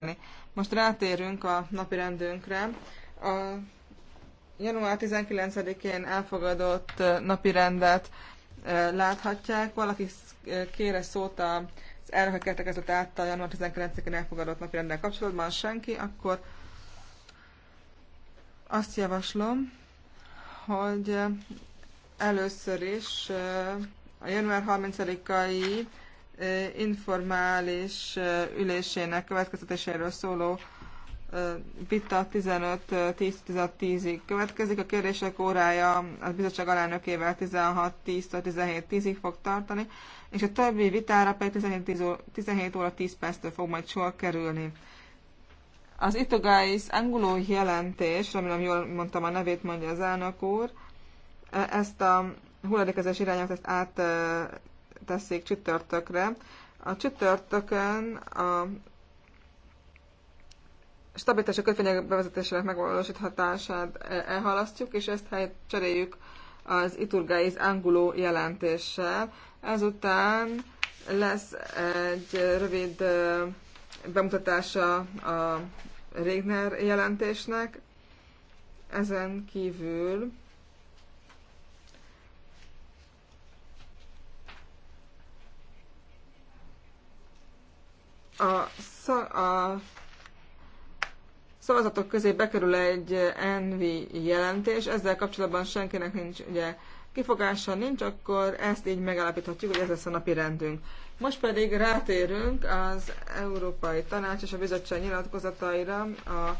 beszélni. Most rátérünk a napi rendünkre. A január 19-én elfogadott napi rendet láthatják. Valaki kére szót az elnökök értekezett által január 19-én elfogadott napi rendel kapcsolatban senki, akkor azt javaslom, hogy először is a január 30-ai informális ülésének következtetéséről szóló vita 15-10-10-ig következik. A kérdések órája a bizottság alelnökével 16-10-17-10-ig fog tartani, és a többi vitára pedig 17, 17 óra 10 perctől fog majd sor kerülni. Az Itogáis anguló jelentés, remélem jól mondtam a nevét, mondja az elnök úr, ezt a hulladékezés irányát ezt át teszik csütörtökre. A csütörtökön a stabilitási kötvények bevezetésének megvalósít hatását e- elhalasztjuk, és ezt helyet cseréljük az Iturgáiz angulo jelentéssel. Ezután lesz egy rövid bemutatása a Régner jelentésnek. Ezen kívül a, a szavazatok közé bekerül egy NV jelentés, ezzel kapcsolatban senkinek nincs ugye kifogása nincs, akkor ezt így megállapíthatjuk, hogy ez lesz a napi rendünk. Most pedig rátérünk az Európai Tanács és a Bizottság nyilatkozataira a